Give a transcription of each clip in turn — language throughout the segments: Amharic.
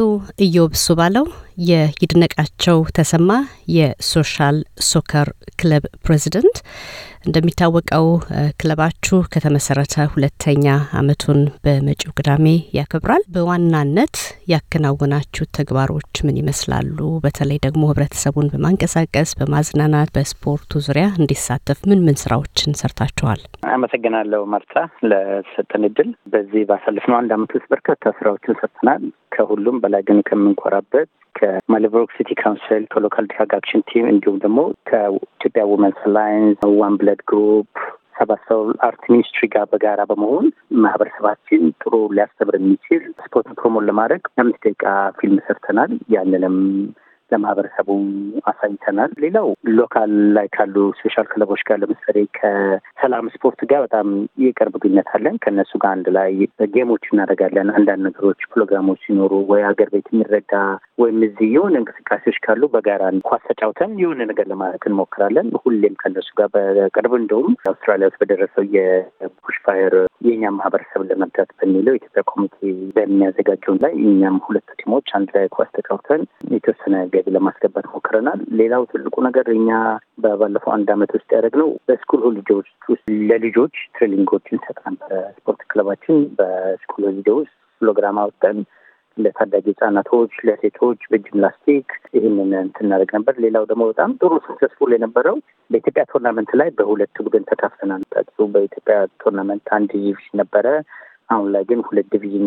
አቶ ኢዮብ ሱባለው የይድነቃቸው ተሰማ የሶሻል ሶከር ክለብ ፕሬዚደንት እንደሚታወቀው ክለባችሁ ከተመሰረተ ሁለተኛ አመቱን በመጪው ቅዳሜ ያከብራል። በዋናነት ያከናወናችሁ ተግባሮች ምን ይመስላሉ? በተለይ ደግሞ ህብረተሰቡን በማንቀሳቀስ በማዝናናት በስፖርቱ ዙሪያ እንዲሳተፍ ምን ምን ስራዎችን ሰርታችኋል? አመሰግናለሁ መርታ ለሰጠን እድል። በዚህ ባሳለፍነው አንድ አመት ውስጥ በርካታ ስራዎችን ሰርተናል። ከሁሉም በላይ ግን ከምንኮራበት ከማሊቨሮክ ሲቲ ካውንስል ከሎካል ድራግ አክሽን ቲም እንዲሁም ደግሞ ከኢትዮጵያ ውመንስ አላይንስ ዋን ብለድ ግሩፕ ሰባሰው አርት ሚኒስትሪ ጋር በጋራ በመሆን ማህበረሰባችን ጥሩ ሊያስተምር የሚችል ስፖርት ፕሮሞን ለማድረግ አምስት ደቂቃ ፊልም ሰርተናል። ያንንም ለማህበረሰቡ አሳይተናል። ሌላው ሎካል ላይ ካሉ ስፔሻል ክለቦች ጋር ለምሳሌ ከሰላም ስፖርት ጋር በጣም የቅርብ ግንኙነት አለን። ከእነሱ ጋር አንድ ላይ ጌሞች እናደርጋለን። አንዳንድ ነገሮች ፕሮግራሞች ሲኖሩ ወይ ሀገር ቤት የሚረዳ ወይም እዚህ የሆነ እንቅስቃሴዎች ካሉ በጋራ ኳስ ተጫውተን የሆነ ነገር ለማለት እንሞክራለን። ሁሌም ከእነሱ ጋር በቅርብ እንደውም አውስትራሊያ ውስጥ በደረሰው የቡሽ ፋየር የእኛም ማህበረሰብ ለመርዳት በሚለው የኢትዮጵያ ኮሚቴ በሚያዘጋጀውን ላይ እኛም ሁለቱ ቲሞች አንድ ላይ ኳስ ተጫውተን የተወሰነ ገቢ ለማስገባት ሞክረናል። ሌላው ትልቁ ነገር እኛ በባለፈው አንድ አመት ውስጥ ያደረግነው በስኩል ሆሊዴዎች ውስጥ ለልጆች ትሬኒንጎችን እንሰጣለን። በስፖርት ክለባችን በስኩል ሆሊዴ ውስጥ ፕሮግራም አወጣን። ለታዳጊ ህጻናቶች፣ ለሴቶች በጅም ላስቲክ ይህንን እንትን እናደርግ ነበር። ሌላው ደግሞ በጣም ጥሩ ሰክሰስፉል የነበረው በኢትዮጵያ ቶርናመንት ላይ በሁለት ቡድን ተካፍለናል። በኢትዮጵያ ቶርናመንት አንድ ዲቪዥን ነበረ አሁን ላይ ግን ሁለት ዲቪዥን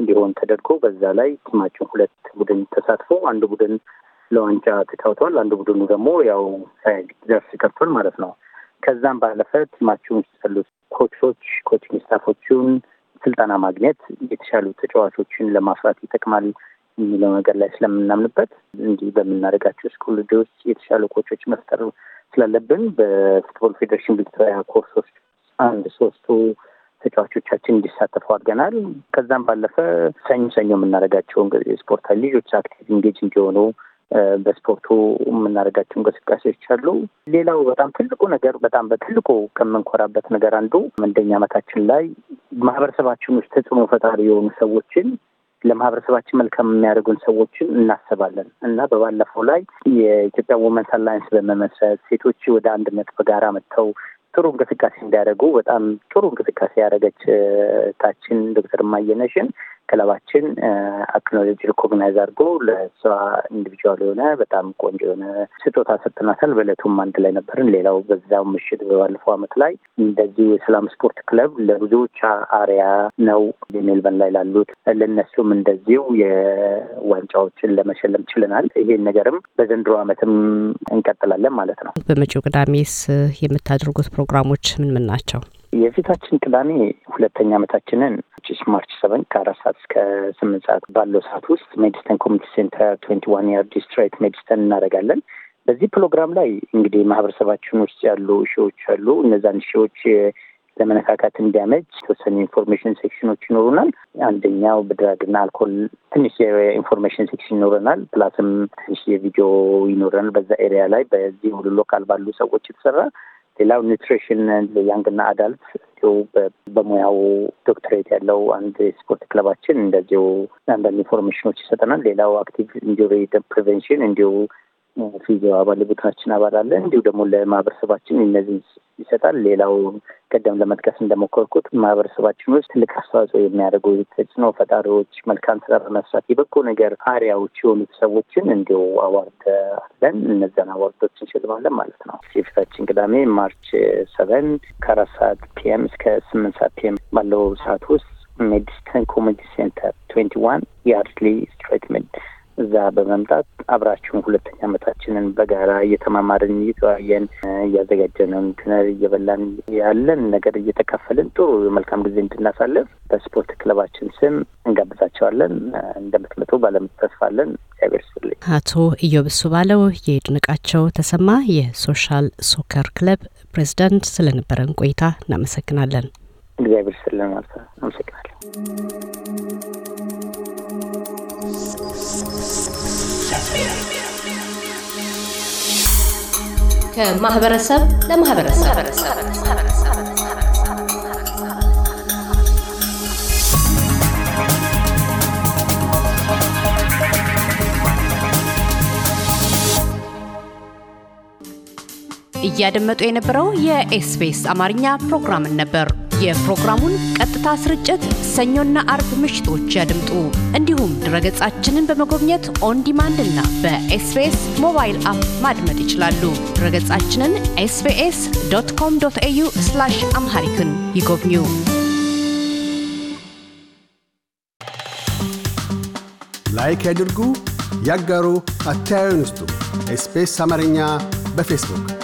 እንዲሆን ተደርጎ በዛ ላይ ቲማችን ሁለት ቡድን ተሳትፎ አንድ ቡድን ለዋንጫ ተጫውተዋል። አንዱ ቡድኑ ደግሞ ያው ሳይደርስ ቀርቷል ማለት ነው። ከዛም ባለፈ ቲማችን ውስጥ ያሉት ኮቾች፣ ኮችንግ ስታፎቹን ስልጠና ማግኘት የተሻሉ ተጫዋቾችን ለማፍራት ይጠቅማል የሚለው ነገር ላይ ስለምናምንበት እንዲህ በምናደርጋቸው ስኩል ውስጥ የተሻሉ ኮቾች መፍጠር ስላለብን በፉትቦል ፌዴሬሽን ቪክቶሪያ ኮርሶች አንድ ሶስቱ ተጫዋቾቻችን እንዲሳተፉ አድርገናል። ከዛም ባለፈ ሰኞ ሰኞ የምናደርጋቸው ስፖርታዊ ልጆች አክቲቭ ኢንጌጅ እንዲሆኑ በስፖርቱ የምናደርጋቸው እንቅስቃሴዎች አሉ። ሌላው በጣም ትልቁ ነገር በጣም በትልቁ ከምንኮራበት ነገር አንዱ አንደኛ ዓመታችን ላይ ማህበረሰባችን ውስጥ ተጽዕኖ ፈጣሪ የሆኑ ሰዎችን ለማህበረሰባችን መልካም የሚያደርጉን ሰዎችን እናስባለን እና በባለፈው ላይ የኢትዮጵያ ወመንስ አላይንስ በመመስረት ሴቶች ወደ አንድነት በጋራ መጥተው ጥሩ እንቅስቃሴ እንዲያደርጉ በጣም ጥሩ እንቅስቃሴ ያደረገች ታችን ዶክተር ማየነሽን ክለባችን አክኖሎጂ ሪኮግናይዝ አድርጎ ለእሷ ኢንዲቪጁዋል የሆነ በጣም ቆንጆ የሆነ ስጦታ ሰጥናታል። በእለቱም አንድ ላይ ነበርን። ሌላው በዛው ምሽት በባለፈው አመት ላይ እንደዚሁ የሰላም ስፖርት ክለብ ለብዙዎች አሪያ ነው። ሜልበን ላይ ላሉት ለነሱም እንደዚሁ የዋንጫዎችን ለመሸለም ችለናል። ይሄን ነገርም በዘንድሮ አመትም እንቀጥላለን ማለት ነው። በመጪው ቅዳሜስ የምታደርጉት ፕሮግራሞች ምን ምን ናቸው? የፊታችን ቅዳሜ ሁለተኛ ዓመታችንን ማርች ሰቨን ከአራት ሰዓት እስከ ስምንት ሰዓት ባለው ሰዓት ውስጥ ሜዲስተን ኮሚኒቲ ሴንተር ትዌንቲ ዋን ያር ዲስትራይት ሜዲስተን እናደርጋለን። በዚህ ፕሮግራም ላይ እንግዲህ ማህበረሰባችን ውስጥ ያሉ ሺዎች አሉ። እነዛን ሺዎች ለመነካካት እንዲያመች የተወሰኑ ኢንፎርሜሽን ሴክሽኖች ይኖሩናል። አንደኛው በድራግና አልኮል ትንሽ የኢንፎርሜሽን ሴክሽን ይኖረናል። ፕላስም ትንሽ የቪዲዮ ይኖረናል። በዛ ኤሪያ ላይ በዚህ ሁሉ ሎካል ባሉ ሰዎች የተሰራ ሌላው ኒትሪሽን ለያንግና አዳልት እንዲሁ በሙያው ዶክትሬት ያለው አንድ ስፖርት ክለባችን እንደዚሁ አንዳንድ ኢንፎርሜሽኖች ይሰጠናል። ሌላው አክቲቭ ኢንጁሪ ፕሪቨንሽን እንዲሁ ፊዚ አባል ቡድናችን አባል አለ። እንዲሁ ደግሞ ለማህበረሰባችን እነዚህ ይሰጣል። ሌላው ቀደም ለመጥቀስ እንደሞከርኩት ማህበረሰባችን ውስጥ ትልቅ አስተዋጽኦ የሚያደርጉ ተጽዕኖ ፈጣሪዎች፣ መልካም ስራ በመስራት የበጎ ነገር አሪያዎች የሆኑት ሰዎችን እንዲሁ አዋርድ አለን። እነዚያን አዋርዶች እንሸልማለን ማለት ነው። የፊታችን ቅዳሜ ማርች ሰቨን ከአራት ሰዓት ፒኤም እስከ ስምንት ሰዓት ፒኤም ባለው ሰዓት ውስጥ ሜዲስተን ኮሚኒቲ ሴንተር ትዌንቲ ዋን የአርድሊ ስትሬት ከዛ በመምጣት አብራችሁን ሁለተኛ አመታችንን በጋራ እየተማማርን እየተወያየን እያዘጋጀነው ድነር እየበላን ያለን ነገር እየተካፈልን ጥሩ መልካም ጊዜ እንድናሳልፍ በስፖርት ክለባችን ስም እንጋብዛቸዋለን። እንደምትመጡ ባለሙሉ እግዚአብሔር ይስጥልኝ። አቶ እዮብሱ ባለው የድንቃቸው ተሰማ የሶሻል ሶከር ክለብ ፕሬዝዳንት ስለነበረን ቆይታ እናመሰግናለን። እግዚአብሔር ይስጥልን ማለት አመሰግናለሁ። ከማህበረሰብ ለማህበረሰብ እያደመጡ የነበረው የኤስፔስ አማርኛ ፕሮግራምን ነበር። የፕሮግራሙን ቀጥታ ስርጭት ሰኞና አርብ ምሽቶች ያድምጡ። እንዲሁም ድረገጻችንን በመጎብኘት ኦን ዲማንድ እና በኤስቤስ ሞባይል አፕ ማድመጥ ይችላሉ። ድረገጻችንን ኤስቤስ ዶት ኮም ዶት ኤዩ አምሃሪክን ይጎብኙ። ላይክ ያድርጉ፣ ያጋሩ፣ አስተያየትዎን ይስጡ። ኤስቤስ አማርኛ በፌስቡክ